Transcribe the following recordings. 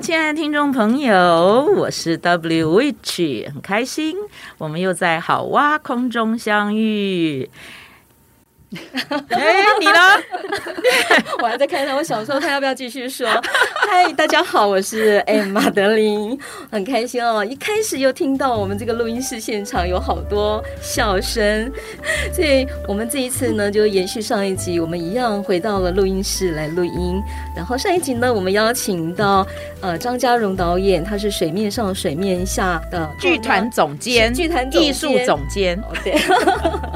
親愛的聽眾朋友，我是 Witch，很開心我們又在好哇空中相遇。哎、 欸，你呢？ 我還在看一下我小時候，他要不要繼續說？嗨， 大家好，我是 Madeline，很開心哦。一開始又聽到我們這個錄音室現場有好多笑聲，所以我們這一次呢就延續上一集，我們一樣回到了錄音室來錄音。然後上一集呢，我們邀請到呃張嘉容導演，他是水面上水面下的劇團總監，劇團藝術總監。okay.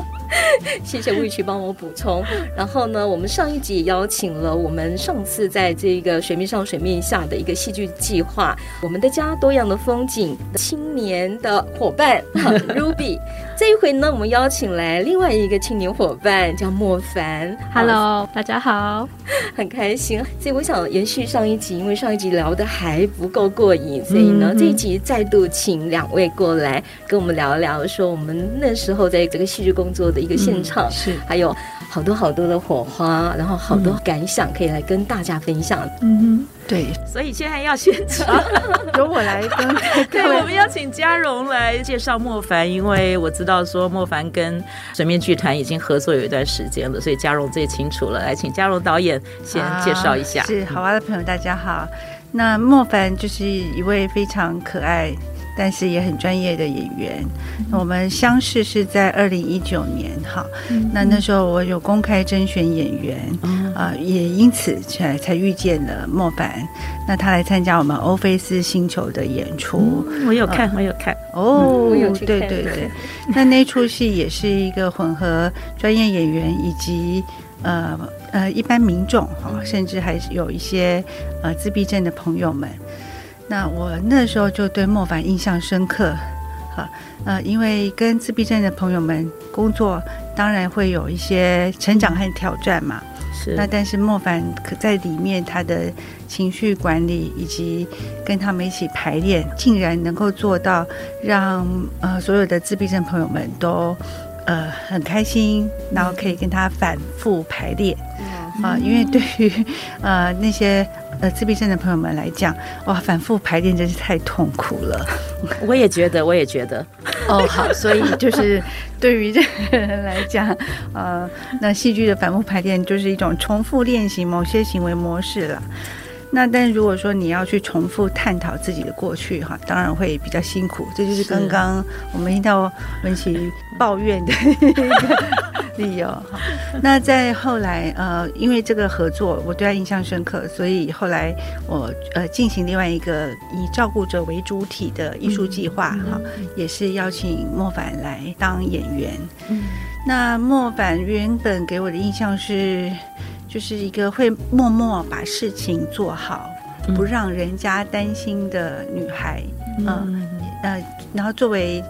謝謝 Witch 幫我補充。然後呢，我們上一集邀請了我們上次在這個水面上、水面下的一個戲劇計劃，《我們的家：多樣的風景》，青年的伙伴 Ruby。 這一回呢，我們邀請來另外一個青年伙伴，叫茉凡。哈嘍，大家好，很開心。所以我想延續上一集，因為上一集聊得還不夠過癮，所以呢，mm hmm. 這一集再度請兩位過來跟我們聊一聊，說我們那時候在這個戲劇工作的一個現場，mm hmm. 是還有好多好多的火花，然後好多感想可以來跟大家分享。嗯嗯、mm。Hmm. 對，所以現在要先請，由我來分。 對，我們邀請嘉容來介紹茉凡，因為我知道說茉凡跟水面劇團已經合作有一段時間了，所以嘉容最清楚了。來，請嘉容導演先介紹一下。啊，是，好哇的朋友，大家好。那茉凡就是一位非常可愛。但是也很專業的演員。我們相識是在二零一九年，好，那那時候我有公開徵選演員，啊，也因此才才遇見了茉凡。那他來參加我們歐菲斯星球的演出、嗯，我有看，我有看，哦，我有看對對對。 那那出戲也是一個混合專業演員以及呃呃一般民眾，好，甚至還是有一些呃自閉症的朋友們。那我那時候就對茉凡印象深刻，呃，因為跟自閉症的朋友們工作，當然會有一些成長和挑戰嘛。是。那但是茉凡可在裡面，他的情緒管理以及跟他們一起排練，竟然能夠做到讓呃所有的自閉症朋友們都呃很開心，然後可以跟他反復排練。嗯嗯啊、呃，因為對於呃那些呃自閉症的朋友們來講，哇，反覆排練真是太痛苦了。我也覺得，我也覺得。哦，好，所以就是對於這個人來講，呃，那戲劇的反覆排練就是一種重複練習某些行為模式了。那但如果說你要去重複探討自己的過去哈，當然會比較辛苦。這就是剛剛我們聽到文琪抱怨的理由。啊、那在後來呃，因為這個合作，我對他印象深刻，所以後來我呃進行另外一個以照顧者為主體的藝術計劃哈，嗯、也是邀請茉凡來當演員。嗯，那茉凡原本給我的印象是。就是一個會默默把事情做好，不讓人家擔心的女孩。嗯，嗯，嗯，呃，呃，然後作為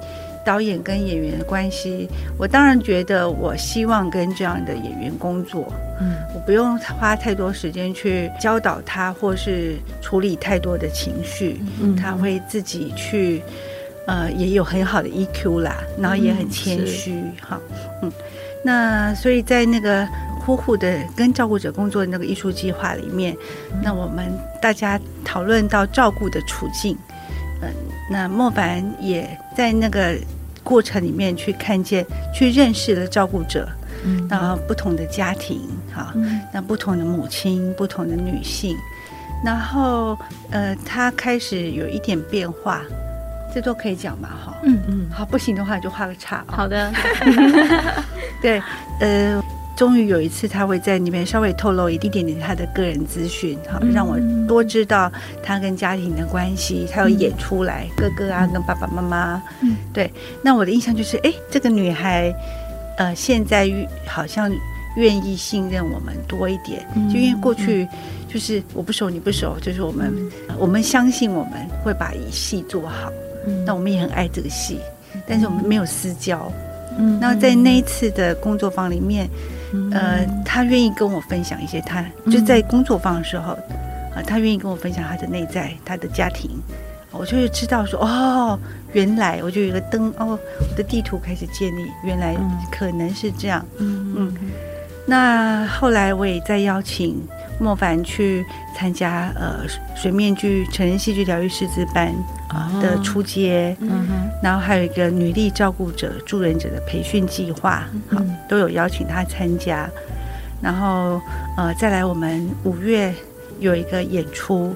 導演跟演員的關係，我當然覺得我希望跟這樣的演員工作。嗯，我不用花太多時間去教導他，或是處理太多的情緒。嗯，嗯，嗯，他會自己去，呃，也有很好的 EQ 啦，然後也很謙虛。哈，嗯嗯，嗯，那所以在那個。呼呼的跟照顧者工作的那個藝術計劃裡面，那我們大家討論到照顧的處境，嗯，那茉凡也在那個過程裡面去看見、去認識了照顧者，嗯，那不同的家庭哈，好嗯、那不同的母親、不同的女性，然後呃，他開始有一點變化，這都可以講嘛哈，嗯嗯，好，不行的話就畫個叉啊、喔，好的， 對，呃。終於有一次，她會在裡面稍微透露一點點點她的個人資訊，好、嗯、讓我多知道她跟家庭的關係，她要演出來哥哥啊，嗯、跟爸爸媽媽。嗯，對。那我的印象就是，哎、欸，這個女孩，呃，現在好像願意信任我們多一點。嗯。就因為過去就是我不熟你不熟，就是我們、嗯、我們相信我們會把戲做好。嗯。那我們也很愛這個戲，嗯、但是我們沒有私交。嗯。那在那一次的工作坊裡面。呃，他願意跟我分享一些他，他就是、在工作坊的時候，啊、呃，他願意跟我分享他的內在、他的家庭，我就是知道說，哦，原來我就有一個燈，哦，我的地圖開始建立，原來可能是這樣，嗯嗯，那後來我也在邀請。茉凡去參加呃水面劇成人戲劇療癒師資班啊的初階，嗯哼，然後還有一個女力照顧者助人者的培訓計劃，好都有邀請他參加，然後呃再來我們五月有一個演出，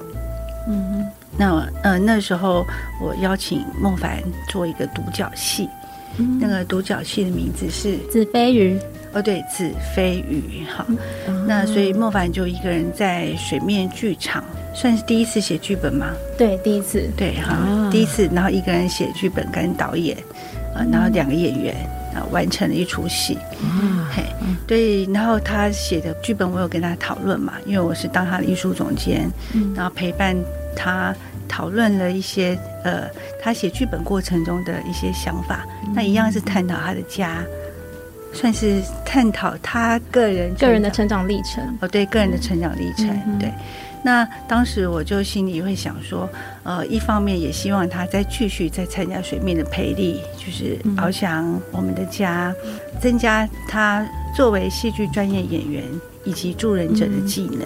嗯，那呃那時候我邀請茉凡做一個獨角戲。那個獨角戲的名字是《子非魚》哦，對，《子非魚》哈。那所以莫凡就一個人在水面劇場，算是第一次寫劇本嗎？對，第一次，對哈，哦、第一次。然後一個人寫劇本，跟導演，啊，然後兩個演員，啊，完成了一出戲。嗯嘿，對。然後他寫的劇本，我有跟他討論嘛，因為我是當他的藝術總監，然後陪伴他。討論了一些呃，他寫劇本過程中的一些想法，那一樣是探討他的家，算是探討他個人個人的成長歷程。哦，對，個人的成長歷程，嗯、對。那當時我就心裡會想說，呃，一方面也希望他再繼續再參加水面的培力，就是翱翔我們的家，嗯、增加他作為戲劇專業演員以及助人者的技能，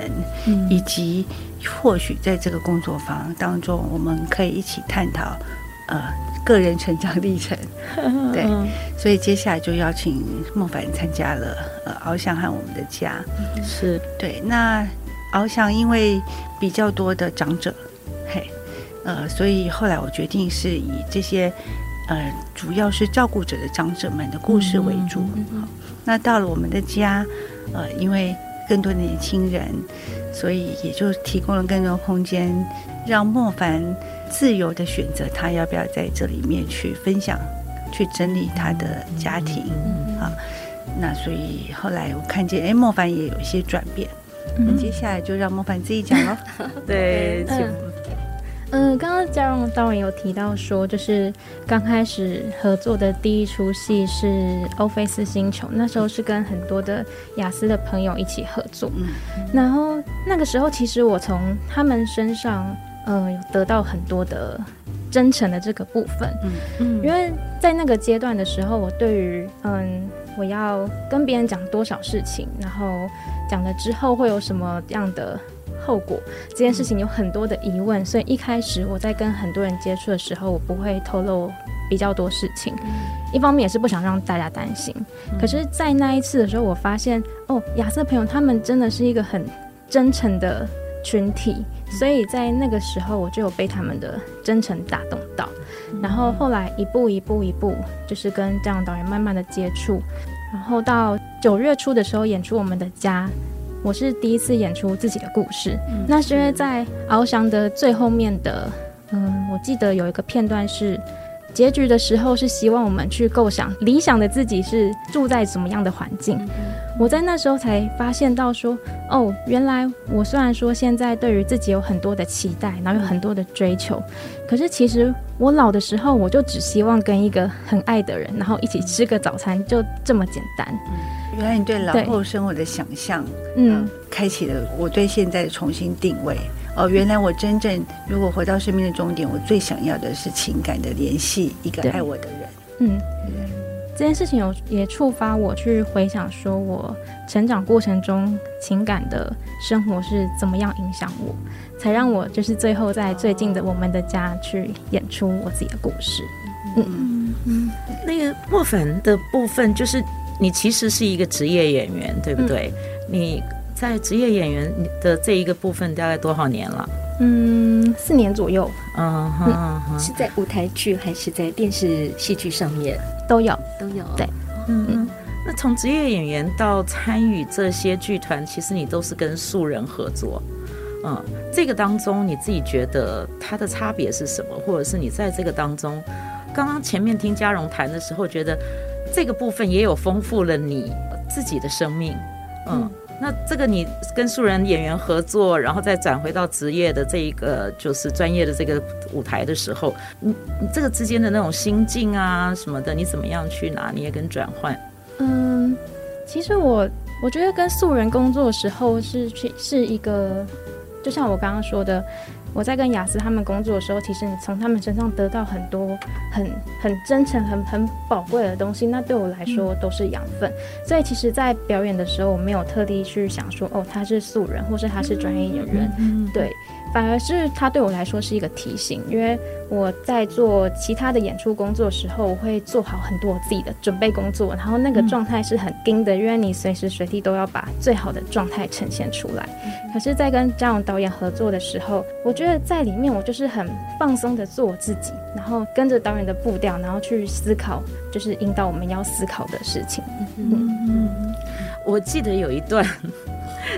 嗯嗯、以及。或許在這個工作坊當中，我們可以一起探討，呃，個人成長歷程。 對，所以接下來就邀請茉凡參加了，呃，翱翔和我們的家，是對。那翱翔因為比較多的長者，嘿，呃，所以後來我決定是以這些，呃，主要是照顧者的長者們的故事為主。好，那到了我們的家，呃，因為。更多的年輕人，所以也就提供了更多空間，讓茉凡自由的選擇他要不要在這裡面去分享、去整理他的家庭啊。那所以後來我看見，哎，茉凡也有一些轉變。那接下來就讓茉凡自己講嘍。對，請。嗯，剛剛嘉容導演有提到說，就是剛開始合作的第一齣戲是《歐菲斯星球》，那時候是跟很多的亞斯的朋友一起合作。嗯，嗯然後那個時候其實我從他們身上，呃得到很多的真誠的這個部分。嗯嗯，嗯因為在那個階段的時候，我對於嗯，我要跟別人講多少事情，然後講了之後會有什麼樣的。後果這件事情有很多的疑問，嗯、所以一開始我在跟很多人接觸的時候，我不會透露比較多事情，嗯、一方面也是不想讓大家擔心。嗯、可是，在那一次的時候，我發現哦，亞瑟朋友他們真的是一個很真誠的群體，嗯、所以在那個時候我就有被他們的真誠打動到，嗯、然後後來一步一步一步，就是跟張導演慢慢的接觸，然後到九月初的時候演出我們的家。我是第一次演出自己的故事，嗯、那是因為在《翱翔》的最後面的，嗯，我記得有一個片段是，結局的時候是希望我們去構想理想的自己是住在怎麼樣的環境。嗯嗯、我在那時候才發現到說，哦，原來我雖然說現在對於自己有很多的期待，然後有很多的追求，可是其實我老的時候，我就只希望跟一個很愛的人，然後一起吃個早餐，就這麼簡單。嗯原來你對老後生活的想象，嗯，開啟了我對現在的重新定位。哦，原來我真正如果回到生命的終點，我最想要的是情感的聯繫，一個愛我的人。對嗯，嗯、這件事情有也觸發我去回想，說我成長過程中情感的生活是怎麼樣影響我，才讓我就是最後在最近的我們的家去演出我自己的故事。嗯嗯，那個茉凡的部分就是。你其實是一個職業演員，對不對？嗯、你在職業演員的這一個部分大概多少年了？嗯，四年左右。嗯哼、嗯、是在舞台劇還是在電視戲劇上面？都有，都有。對，嗯。嗯，那從職業演員到參與這些劇團，其實你都是跟素人合作。嗯，這個當中你自己覺得它的差別是什麼？或者是你在這個當中，剛剛前面聽嘉容談的時候，覺得。這個部分也有豐富了你自己的生命，嗯，嗯，那這個你跟素人演員合作，然後再轉回到職業的這一個就是專業的這個舞台的時候你，你這個之間的那種心境啊什麼的，你怎麼樣去拿？你也跟轉換？嗯，其實我我覺得跟素人工作的時候是去是一個，就像我剛剛說的。我在跟雅思他們工作的時候，其實你從他們身上得到很多很很真誠、很很寶貴的東西，那對我來說都是養分。嗯、所以其實，在表演的時候，我沒有特地去想說，哦，他是素人，或是他是專業演員，嗯嗯嗯嗯、對。反而是他對我來說是一個提醒，因為我在做其他的演出工作的時候，我會做好很多我自己的準備工作，然後那個狀態是很盯的，嗯、因為你隨時隨地都要把最好的狀態呈現出來。嗯嗯，可是，在跟嘉容導演合作的時候，我覺得在裡面我就是很放鬆的做我自己，然後跟着導演的步調，然後去思考，就是引導我們要思考的事情。嗯嗯，我記得有一段，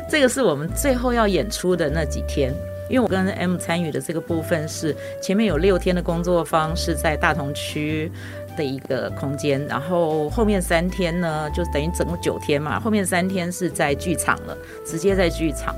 這個是我們最後要演出的那幾天。因為我跟 M 參與的這個部分是前面有六天的工作坊是在大同區的一個空間，然後後面三天呢，就等於總共九天嘛，後面三天是在劇場了，直接在劇場。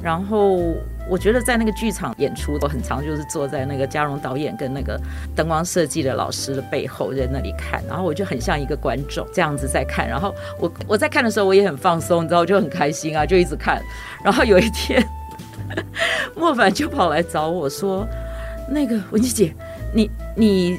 然後我覺得在那個劇場演出，我很常就是坐在那個嘉容導演跟那個燈光設計的老師的背後在那裡看，然後我就很像一個觀眾這樣子在看。然後我我在看的時候我也很放鬆，你知道我就很開心啊，就一直看。然後有一天。 茉凡就跑來找我說：“那個文琪姐，你你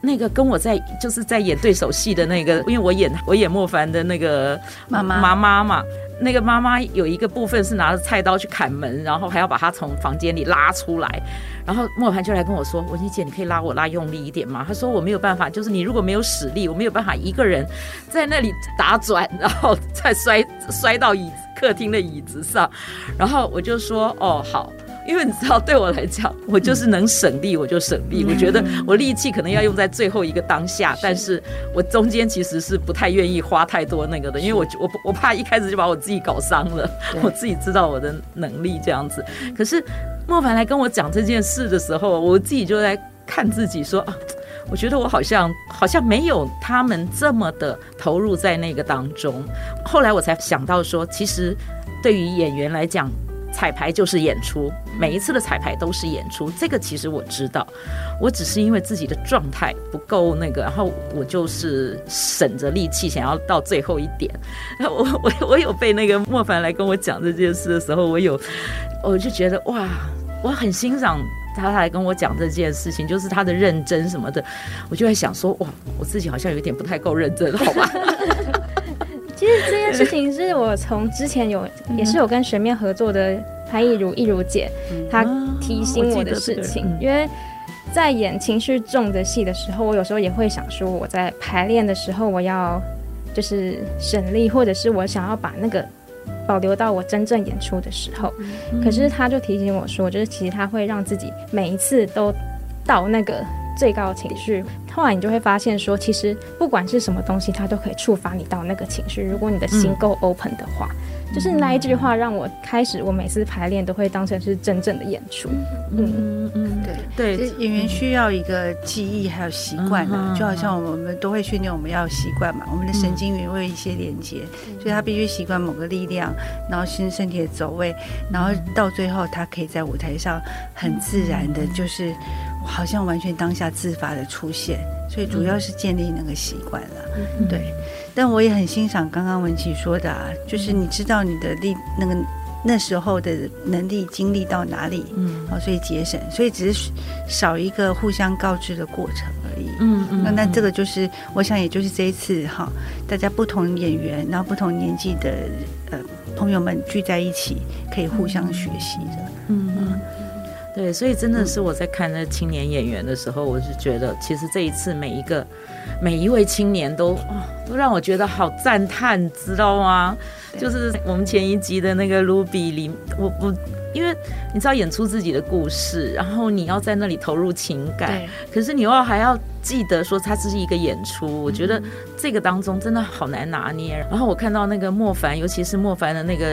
那個跟我在就是在演對手戲的那個，因為我演我演茉凡的那個媽媽媽媽嘛，那個媽媽有一個部分是拿着菜刀去砍門，然後還要把她從房間裡拉出來。然後茉凡就來跟我說：文琪姐，你可以拉我拉用力一點嗎？他說我沒有辦法，就是你如果沒有使力，我沒有辦法一個人在那裡打轉，然後再摔摔到椅子。”客廳的椅子上，然後我就說：“哦，好，因為你知道，對我來講，我就是能省力、嗯、我就省力。嗯、我覺得我力氣可能要用在最後一個當下，嗯、但是我中間其實是不太願意花太多那個的，是因為我我我怕一開始就把我自己搞傷了。是我自己知道我的能力這樣子。對可是茉凡來跟我講這件事的時候，我自己就在看自己說啊。”我覺得我好像好像沒有他們這麼的投入在那個當中。後來我才想到說，其實對於演員來講，彩排就是演出，每一次的彩排都是演出。這個其實我知道，我只是因為自己的狀態不夠那個，然後我就是省着力氣，想要到最後一點。我我我有被那個茉凡來跟我講這件事的時候，我有，我就覺得哇，我很欣賞。他來跟我講這件事情，就是他的認真什麼的，我就在想說，哇，我自己好像有點不太夠認真，好吧？ 其實這件事情是我從之前有、嗯、也是有跟水面合作的潘亦如一如姐，嗯、她提醒我的事情，啊、因為在演情緒重的戲的時候，我有時候也會想說，我在排練的時候我要就是省力，或者是我想要把那個。保留到我真正演出的時候，嗯、可是，他就提醒我說，就是其實他會讓自己每一次都到那個最高情緒，後來你就會發現說，其實不管是什麼東西，他都可以觸發你到那個情緒，如果你的心夠 open 的話。嗯就是那一句話讓我開始，我每次排練都會當成是真正的演出。嗯嗯。嗯嗯對對，對演員需要一個記憶，還有習慣的，嗯、就好像我們我們都會訓練我們要習慣嘛，嗯、我們的神經元會有一些連接，嗯、所以他必須習慣某個力量，然後身身體的走位，然後到最後他可以在舞台上很自然的，就是。好像完全當下自發的出現，所以主要是建立那個習慣了，對。但我也很欣賞剛剛文琪說的，啊，就是你知道你的力那個那時候的能力經歷到哪裡，嗯，好，所以節省，所以只是少一個互相告知的過程而已，嗯嗯。那那這個就是我想，也就是這一次哈，大家不同演員，然後不同年紀的呃朋友們聚在一起，可以互相學習的，嗯。對，所以真的是我在看那青年演員的時候，嗯、我是覺得其實這一次每一個，每一位青年都啊、哦，都讓我覺得好讚嘆，知道嗎？對就是我們前一集的那個盧比里，我我因為你知道演出自己的故事，然後你要在那裡投入情感，對可是你又要還要記得說它只是一個演出，我覺得這個當中真的好難拿捏。嗯、然後我看到那個茉凡，尤其是茉凡的那個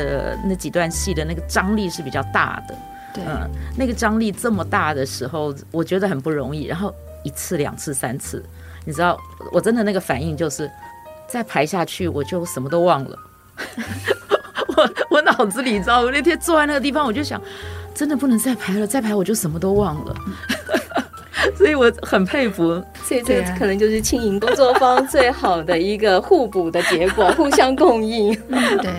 那幾段戲的那個張力是比較大的。對嗯，那個張力這麼大的時候，我覺得很不容易。然後一次、兩次、三次，你知道，我真的那個反應就是，再排下去我就什麼都忘了。 我我腦子裡，知道我那天坐在那個地方，我就想，真的不能再排了，再排我就什麼都忘了。 所以我很佩服。所以這可能就是青銀工作坊最好的一個互補的結果， 互相供應。 嗯，對。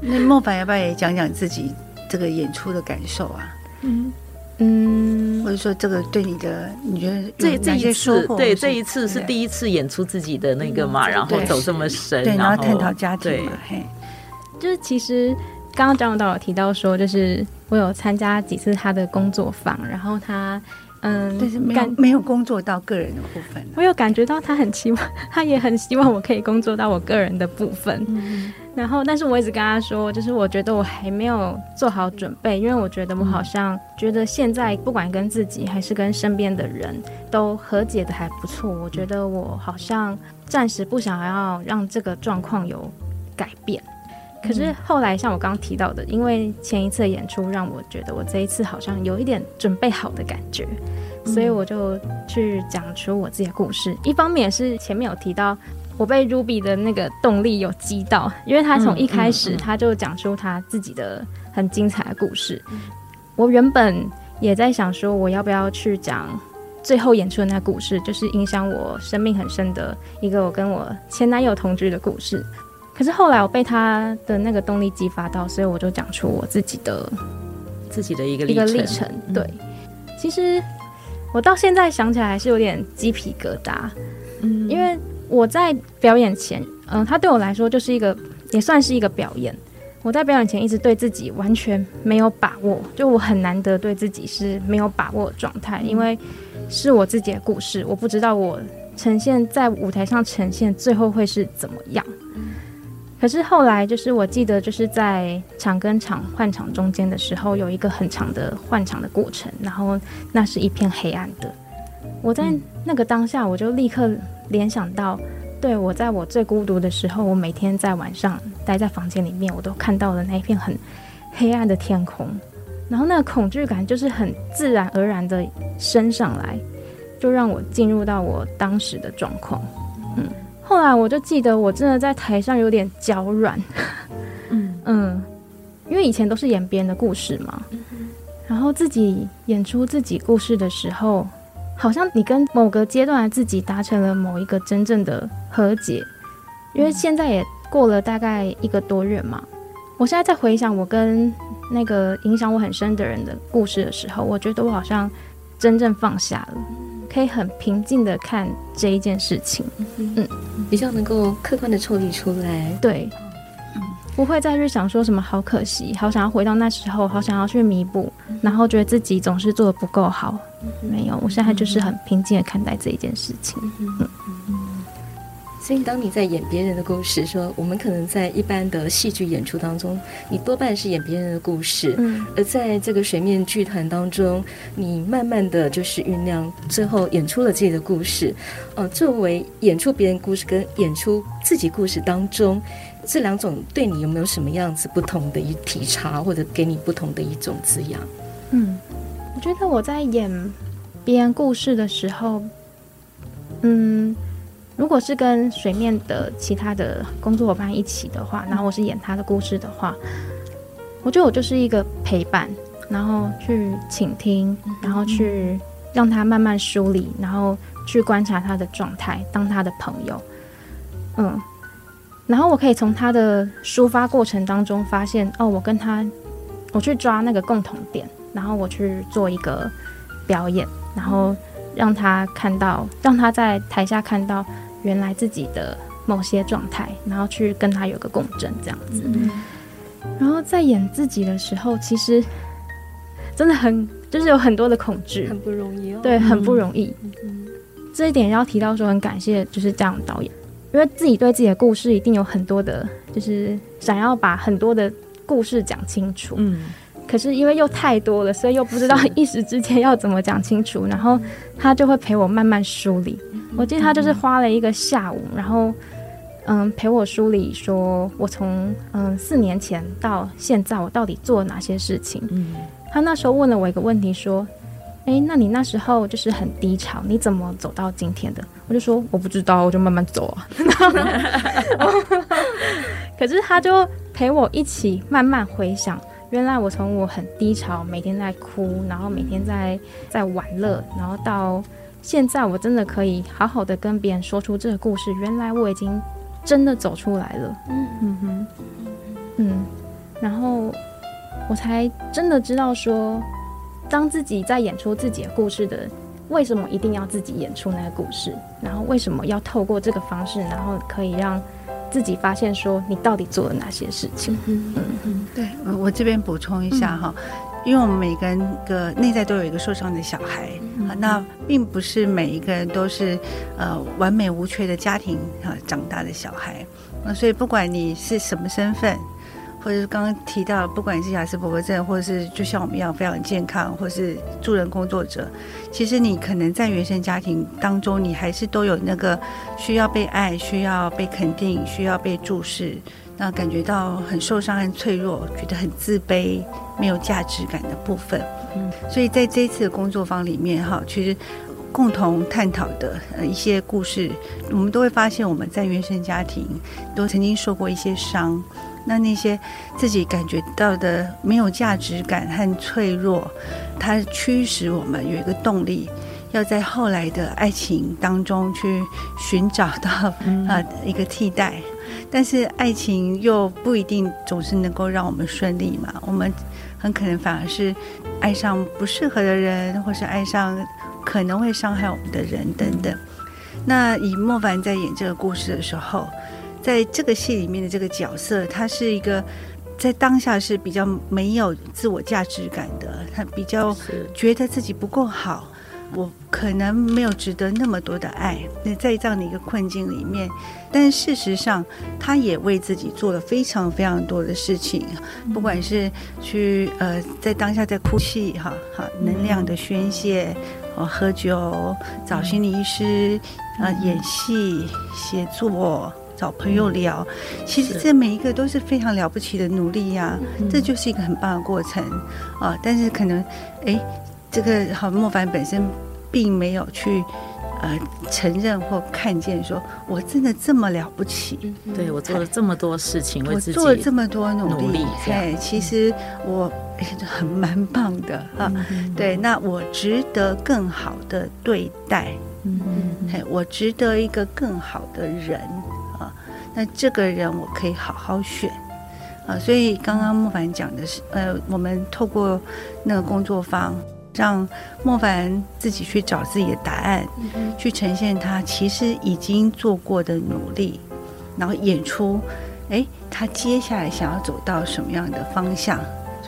那茉凡要不要也講講自己？這個演出的感受啊，嗯嗯，我就說這個對你的，你覺得這這一次，對這一次是第一次演出自己的那個嘛，嗯、然後走這麼深，對然後探討家庭嘛，嘿對，對就是其實剛剛張導有提到說，就是我有參加幾次他的工作坊，然後他。嗯，但是沒有感沒有工作到個人的部分啊，我有感覺到他很期望，他也很希望我可以工作到我個人的部分。嗯嗯然後，但是我一直跟他說，就是我覺得我還沒有做好準備，因為我覺得我好像覺得現在不管跟自己還是跟身邊的人都和解的還不錯，我覺得我好像暫時不想要讓這個狀況有改變。可是後來，像我剛剛提到的，嗯、因為前一次的演出讓我覺得我這一次好像有一點準備好的感覺，嗯、所以我就去講出我自己的故事。一方面也是前面有提到，我被 Ruby 的那個動力有擊倒，因為他從一開始他就講出他自己的很精彩的故事。嗯嗯嗯、我原本也在想說，我要不要去講最後演出的那個故事，就是影響我生命很深的一個我跟我前男友同居的故事。可是後來，我被他的那個動力激發到，所以我就講出我自己的自己的一個一個歷程。對，嗯、其實我到現在想起來還是有點雞皮疙瘩，嗯，因為我在表演前，嗯、呃，他對我來說就是一個也算是一個表演。我在表演前一直對自己完全沒有把握，就我很難得對自己是沒有把握的狀態，因為是我自己的故事，我不知道我呈現在舞台上呈現最後會是怎麼樣。嗯可是後來，就是我記得，就是在場跟場換場中間的時候，有一個很長的換場的過程，然後那是一片黑暗的。我在那個當下，我就立刻聯想到，對，我在我最孤獨的時候，我每天在晚上待在房間裡面，我都看到了那一片很黑暗的天空，然後那個恐懼感就是很自然而然的升上來，就讓我進入到我當時的狀況，嗯。後來我就記得，我真的在台上有點腳軟。嗯，嗯，因為以前都是演別人的故事嘛，嗯、然後自己演出自己故事的時候，好像你跟某個階段的自己達成了某一個真正的和解。因為現在也過了大概一個多月嘛，我現在在回想我跟那個影響我很深的人的故事的時候，我覺得我好像真正放下了。可以很平靜的看這一件事情，嗯，比較能夠客觀的處理出來，對，不會再去想說什麼好可惜，好想要回到那時候，好想要去彌補，然後覺得自己總是做的不夠好，沒有，我現在就是很平靜的看待這一件事情，嗯。所以，當你在演別人的故事的時候，說我們可能在一般的戲劇演出當中，你多半是演別人的故事，嗯，而在這個水面劇團當中，你慢慢的就是醞釀，最後演出了自己的故事。哦、呃，作為演出別人故事跟演出自己故事當中，這兩種對你有沒有什麼樣子不同的一體察，或者給你不同的一種滋養？嗯，我覺得我在演別人故事的時候，嗯。如果是跟水面的其他的工作夥伴一起的話，然後我是演他的故事的話，我覺得我就是一個陪伴，然後去傾聽，然後去讓他慢慢梳理，然後去觀察他的狀態，當他的朋友，嗯，然後我可以從他的抒發過程當中發現哦，我跟他，我去抓那個共同點，然後我去做一個表演，然後讓他看到，讓他在台下看到。原來自己的某些狀態，然後去跟他有個共振，這樣子。嗯、然後在演自己的時候，其實真的很就是有很多的恐懼，很不容易哦。對，很不容易。嗯、這一點要提到說，很感謝就是這樣的導演，因為自己對自己的故事一定有很多的，就是想要把很多的故事講清楚。嗯，可是因為又太多了，所以又不知道一時之間要怎麼講清楚，是然後他就會陪我慢慢梳理。我記得他就是花了一個下午，嗯、然後，嗯，陪我梳理說，說我從嗯四年前到現在，我到底做了哪些事情。嗯，他那時候問了我一個問題，說，哎，那你那時候就是很低潮，你怎麼走到今天的？我就說我不知道，我就慢慢走啊。 可是他就陪我一起慢慢回想，原來我從我很低潮，每天在哭，然後每天在在玩樂，然後到。現在我真的可以好好的跟別人說出這個故事，原來我已經真的走出來了。嗯嗯嗯，嗯嗯然後我才真的知道說，當自己在演出自己的故事的，為什麼一定要自己演出那個故事？然後為什麼要透過這個方式？然後可以讓自己發現說，你到底做了哪些事情？嗯嗯對，我我這邊補充一下哈，嗯、因為我們每個人的內在都有一個受傷的小孩。那並不是每一個人都是，呃，完美無缺的家庭啊，呃、長大的小孩，那、呃、所以不管你是什麼身份，或者是剛剛提到，不管是亞斯伯格症，或者是就像我們一樣非常健康，或者是助人工作者，其實你可能在原生家庭當中，你還是都有那個需要被愛、需要被肯定、需要被注視。那感覺到很受傷、很脆弱，覺得很自卑、沒有價值感的部分。嗯，所以在這一次的工作坊裡面，哈，其實共同探討的呃一些故事，我們都會發現我們在原生家庭都曾經受過一些傷。那那些自己感覺到的沒有價值感和脆弱，它驅使我們有一個動力，要在後來的愛情當中去尋找到啊、嗯呃、一個替代。但是愛情又不一定總是能夠讓我們順利嘛，我們很可能反而是愛上不適合的人，或是愛上可能會傷害我們的人等等。那以茉凡在演這個故事的時候，在這個戲裡面的這個角色，他是一個在當下是比較沒有自我價值感的，他比較覺得自己不夠好。我可能沒有值得那麼多的愛。那在這樣的一個困境裡面，但是事實上，他也為自己做了非常非常多的事情，嗯、不管是去呃在當下在哭泣哈，哈，能量的宣洩，哦喝酒、找心理醫師，嗯、啊、嗯、演戲、寫作、找朋友聊，嗯、其實這每一個都是非常了不起的努力呀、啊。嗯、這就是一個很棒的過程啊。但是可能，哎。這個好，茉凡本身並沒有去呃承認或看見說，說我真的這麼了不起，嗯、哼對我做了這麼多事情為自己，我做了這麼多努力，對其實我很蠻棒的啊，嗯、哼對，那我值得更好的對待，嗯，我值得一個更好的人啊，那這個人我可以好好選啊，所以剛剛茉凡講的是，呃，我們透過那個工作坊。嗯讓茉凡自己去找自己的答案，嗯、哼去呈現他其實已經做過的努力，然後演出，哎、欸，他接下來想要走到什麼樣的方向？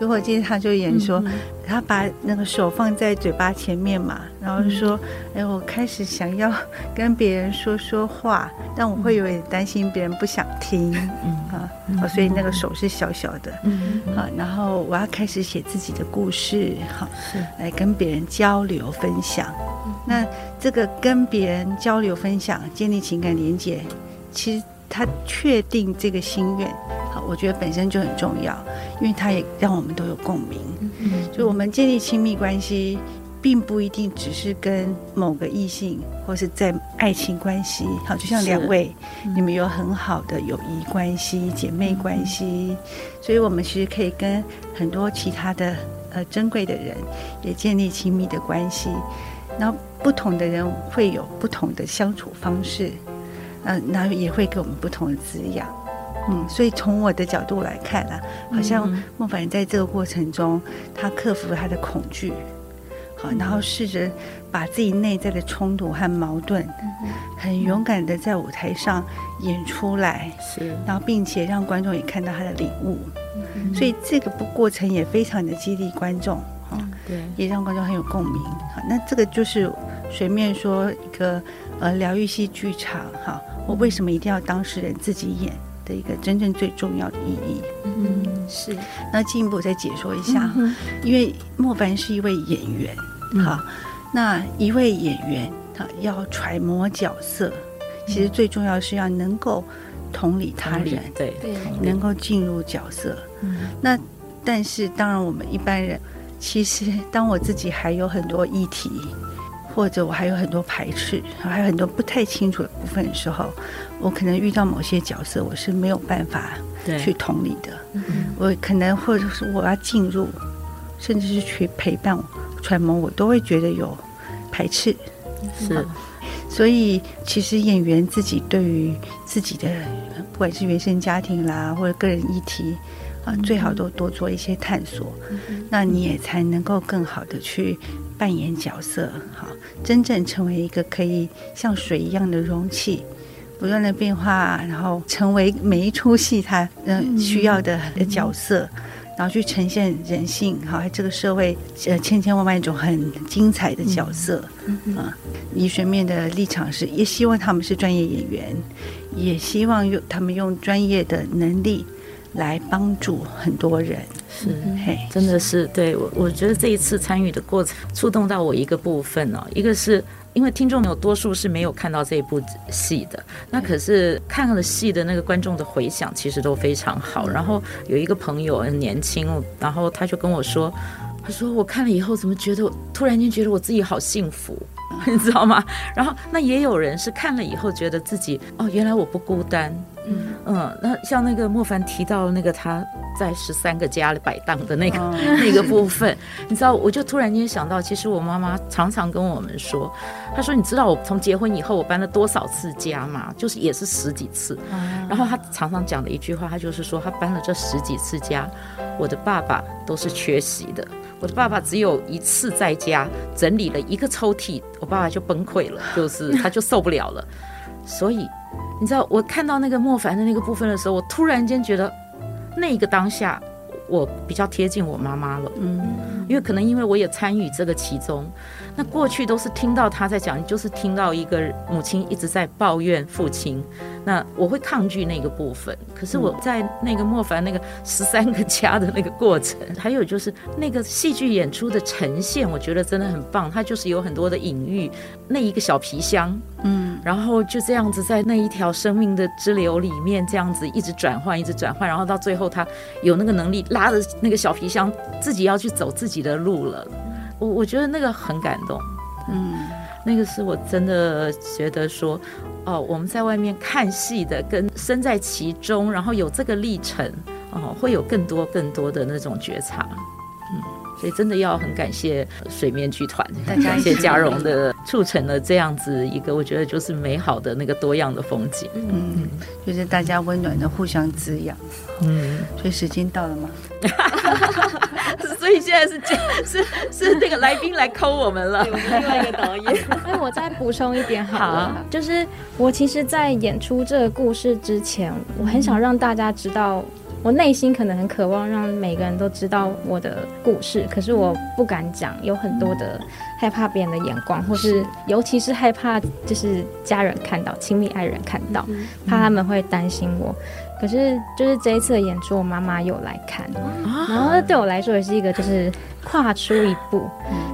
所以我記得他就演說，他把那個手放在嘴巴前面嘛，然後說：“哎，我開始想要跟別人說說話，但我會有點擔心別人不想聽，啊，所以那個手是小小的，好，然後我要開始寫自己的故事，好，來跟別人交流分享。那這個跟別人交流分享，建立情感連接，其實他確定這個心願。”好，我覺得本身就很重要，因為它也讓我們都有共鳴。嗯嗯，就我們建立親密關係，並不一定只是跟某個異性，或是在愛情關係。好，就像兩位，你們有很好的友誼關係、姐妹關係，所以我們其實可以跟很多其他的呃珍貴的人也建立親密的關係。那不同的人會有不同的相處方式，嗯，那也會給我們不同的滋養。嗯，所以從我的角度來看啊，好像孟凡在這個過程中，他克服了他的恐懼，好，然後試着把自己內在的衝突和矛盾，很勇敢的在舞台上演出來，是，然後並且讓觀眾也看到他的領悟，所以這個過程也非常的激勵觀眾，哈，對，也讓觀眾很有共鳴，好，那這個就是水面說一個呃療癒系劇場，哈，我為什麼一定要當事人自己演？的一個真正最重要的意義，嗯，是那進一步再解說一下，嗯、哼因為茉凡是一位演員，哈、嗯，那一位演員他要揣摩角色，嗯、其實最重要是要能夠同理他人，對，對，能夠進入角色。嗯，那但是當然我們一般人，其實當我自己還有很多議題。或者我還有很多排斥，還有很多不太清楚的部分的時候，我可能遇到某些角色，我是沒有辦法去同理的。嗯，我可能或者是我要進入，甚至是去陪伴我、揣摩，我都會覺得有排斥。是，所以其實演員自己對於自己的，不管是原生家庭啦，或者個人議題。啊，最好都多做一些探索，那你也才能夠更好的去扮演角色，好，真正成為一個可以像水一樣的容器，不斷的變化，然後成為每一出戲它嗯需要的角色，嗯嗯嗯、然後去呈現人性，好，這個社會呃千千萬萬種很精彩的角色，嗯，嗯嗯啊，李水面的立場是，也希望他們是專業演員，也希望用他們用專業的能力。來幫助很多人，是嘿，嗯、哼 hey, 真的是對我，我覺得這一次參與的過程觸動到我一個部分哦，一個是因為聽眾有多數是沒有看到這一部戲的，那可是看了戲的那個觀眾的回響其實都非常好。然後有一個朋友很年輕，然後他就跟我說，他說我看了以後怎麼覺得突然間覺得我自己好幸福，你知道嗎？然後那也有人是看了以後覺得自己哦，原來我不孤單。嗯嗯，那像那個茉凡提到那個他在十三個家裡擺盪的那個 那個部分，你知道，我就突然間想到，其實我媽媽常常跟我們說，她說你知道我從結婚以後我搬了多少次家嗎？就是也是十幾次， 然後她常常講的一句話，她就是說她搬了這十幾次家，我的爸爸都是缺席的，我的爸爸只有一次在家整理了一個抽屜，我爸爸就崩潰了，就是他就受不了了， 所以。你知道我看到那個茉凡的那個部分的時候，我突然間覺得，那個當下，我比較貼近我媽媽了。嗯。因為可能因為我也參與這個其中，那過去都是聽到他在講，就是聽到一個母親一直在抱怨父親，那我會抗拒那個部分。可是我在那個茉凡那個十三個家的那個過程，嗯、還有就是那個戲劇演出的呈現，我覺得真的很棒。他就是有很多的隱喻，那一個小皮箱，嗯，然後就這樣子在那一條生命的支流裡面，這樣子一直轉換，一直轉換，然後到最後他有那個能力拉着那個小皮箱自己要去走自己的路了，我、 嗯、我覺得那個很感動，嗯，那個是我真的覺得說，哦，我們在外面看戲的，跟身在其中，然後有這個歷程，哦，會有更多更多的那種覺察，嗯，所以真的要很感謝水面劇團，嗯、感謝嘉容的促成了這樣子一個，我覺得就是美好的那個多樣的風景，嗯，就是大家溫暖的互相滋養，嗯，所以時間到了嗎？ 所以現在是這，是是那個來賓來摳我們了。我們 另外一個導演。那 我再補充一點好了。好啊、就是我其實，在演出這個故事之前，我很想讓大家知道，嗯、我內心可能很渴望讓每個人都知道我的故事，可是我不敢講，有很多的害怕別人的眼光，或是尤其是害怕就是家人看到，親密愛人看到，怕他們會擔心我。嗯嗯可是，就是這一次的演出，我媽媽有來看，然後對我來說也是一個，就是跨出一步，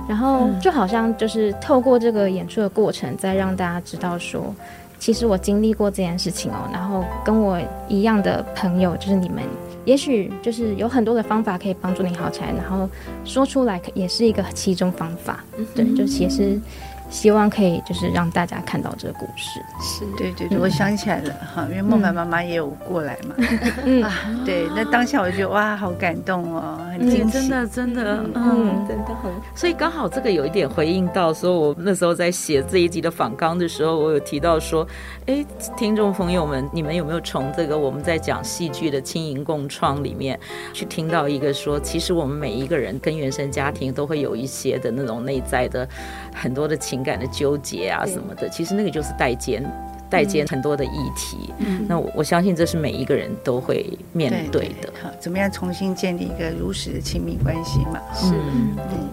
然後就好像就是透過這個演出的過程，再讓大家知道說，其實我經歷過這件事情哦、喔，然後跟我一樣的朋友，就是你們，也許就是有很多的方法可以幫助你好起來，然後說出來也是一個其中方法、嗯哼，對，就其實。希望可以就是讓大家看到這個故事，是對對對，嗯、我想起來了哈，因為茉凡媽媽也有過來嘛，嗯啊， 對，那當下我就覺得哇，好感動哦，很驚喜、嗯，真的、嗯嗯、真的，嗯，真的很，所以剛好這個有一點回應到說，我那時候在寫這一集的訪綱的時候，我有提到說，哎、欸，聽眾朋友們，你們有沒有從這個我們在講戲劇的青銀共創裡面去聽到一個說，其實我們每一個人跟原生家庭都會有一些的那種內在的很多的情。情感的糾結啊什麼的，對其實那個就是代間代間很多的議題。嗯、那我，我相信這是每一個人都會面對的。對，對，好，怎麼樣重新建立一個如實的親密關係嘛？是，嗯，嗯，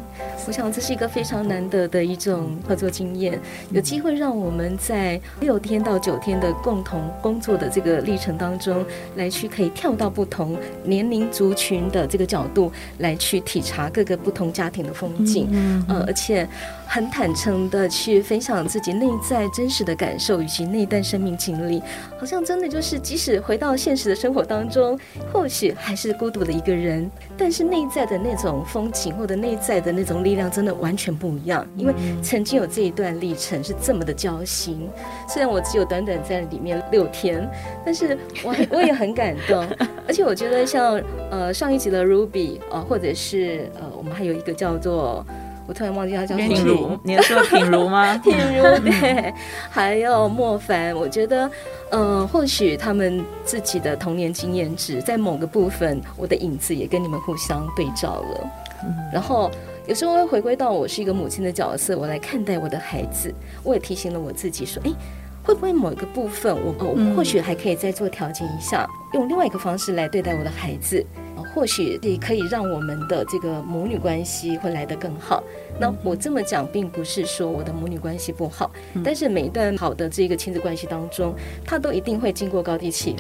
我想這是一個非常難得的一種合作經驗，有機會讓我們在六天到九天的共同工作的這個歷程當中，來去可以跳到不同年齡族群的這個角度，來去體察各個不同家庭的風景。嗯、呃，而且。很坦誠的去分享自己內在真實的感受，以及那段生命經歷，好像真的就是，即使回到現實的生活當中，或許還是孤獨的一個人，但是內在的那種風景或者內在的那種力量，真的完全不一樣。因為曾經有這一段歷程是這麼的交心，雖然我只有短短在裡面六天，但是我我也很感動， 而且我覺得像呃上一集的 Ruby，呃或者是呃我們還有一個叫做。我突然忘記他叫品如，你說 品如嗎？品如對，還有茉凡，我覺得，嗯、呃，或許他們自己的童年經驗值，在某個部分，我的影子也跟你們互相對照了。嗯、然後，有時候會回歸到我是一個母親的角色，我來看待我的孩子，我也提醒了我自己說，哎、欸，會不會某一個部分，我，我或許還可以再做調節一下，嗯、用另外一個方式來對待我的孩子。或許也可以讓我們的這個母女關係會來得更好。那我這麼講，並不是說我的母女關係不好，嗯、哼但是每一段好的這個親子關係當中，它都一定會經過高低起伏。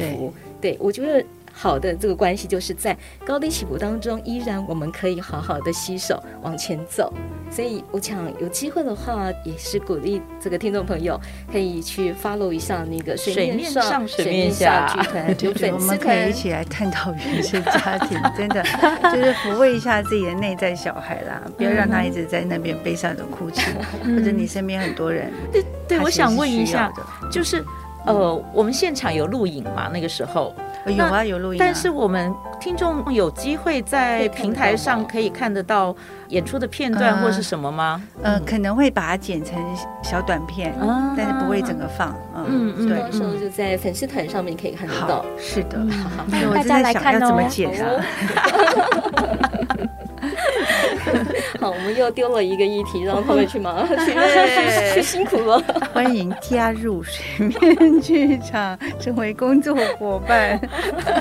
對，對，我覺得。好的，這個關係就是在高低起伏當中，依然我們可以好好的攜手往前走。所以，我想有機會的話，也是鼓勵這個聽眾朋友可以去 follow 一下那個水面上、水面上、水面下劇團，我們可以一起來探討原生家庭， 真的就是撫慰一下自己的內在小孩啦， 不要讓他一直在那邊悲傷的哭泣，或者，嗯、你身邊很多人。對、嗯，對，我想問一下，就是。呃，我們現場有錄影嘛？那個時候、哦、有啊，有錄影啊。但是我們聽眾有機會在平台上可以看得到演出的片段或是什麼嗎？呃，呃，可能會把它剪成小短片，嗯、但是不會整個放。嗯嗯，到對、嗯、時候就在粉絲團上面可以看得到。是的，嗯、所以我正在想要怎麼剪啊？ 好，我們又丟了一個議題，讓他們去忙，去去去，辛苦了。歡迎加入水面劇場， 成為工作夥伴。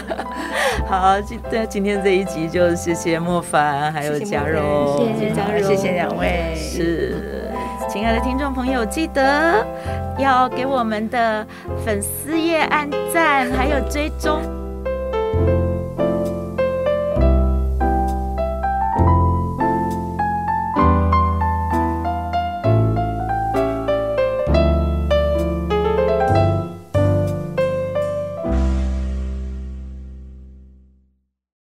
好，今在今天這一集就謝謝茉凡，還有嘉容、嗯，謝謝嘉容，謝謝兩位。對是，親愛的聽眾朋友，記得要給我們的粉絲頁按讚，還有追蹤。